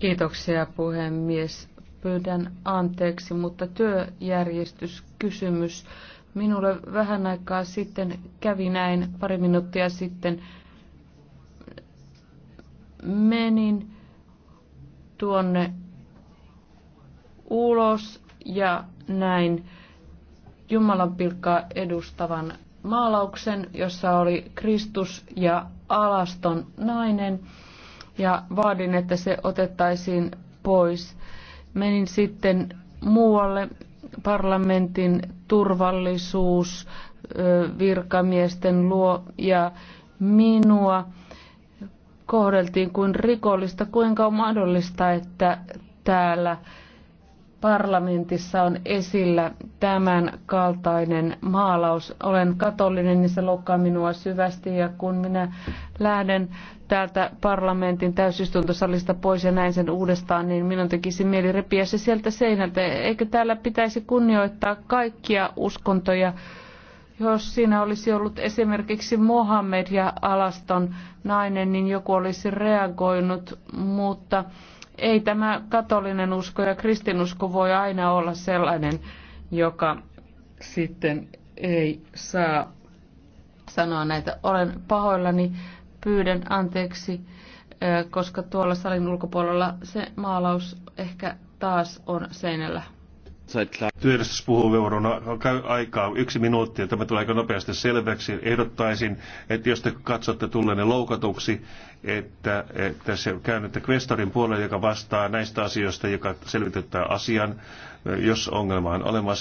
Kiitoksia puhemies. Pyydän anteeksi, mutta työjärjestyskysymys. Minulle vähän aikaa sitten kävi näin, pari minuuttia sitten menin tuonne ulos ja näin Jumalan pilkkaa edustavan maalauksen, jossa oli Kristus ja alaston nainen ja vaadin, että se otettaisiin pois. Menin sitten muualle parlamentin turvallisuus virkamiesten luo ja minua kohdeltiin kuin rikollista. Kuinka on mahdollista, että täällä parlamentissa on esillä tämän kaltainen maalaus. Olen katolinen, niin se loukkaa minua syvästi ja kun minä lähden täältä parlamentin täysistuntosalista pois ja näin sen uudestaan, niin minun tekisi mieli repiä se sieltä seinältä. Eikö täällä pitäisi kunnioittaa kaikkia uskontoja? Jos siinä olisi ollut esimerkiksi Mohammed ja alaston nainen, niin joku olisi reagoinut, mutta ei tämä katolinen usko ja kristinusko voi aina olla sellainen, joka sitten ei saa sanoa näitä. Olen pahoillani, pyydän anteeksi, koska tuolla salin ulkopuolella se maalaus ehkä taas on seinällä. Työjärjestys puhuu eurona käy aikaa yksi minuutti, ja tämä tulee aika nopeasti selväksi. Ehdottaisin, että jos te katsotte tulleenne loukatuksi, että, että se käännytte kvestorin puolelle, joka vastaa näistä asioista, joka selvitetään asian, jos ongelma on olemassa.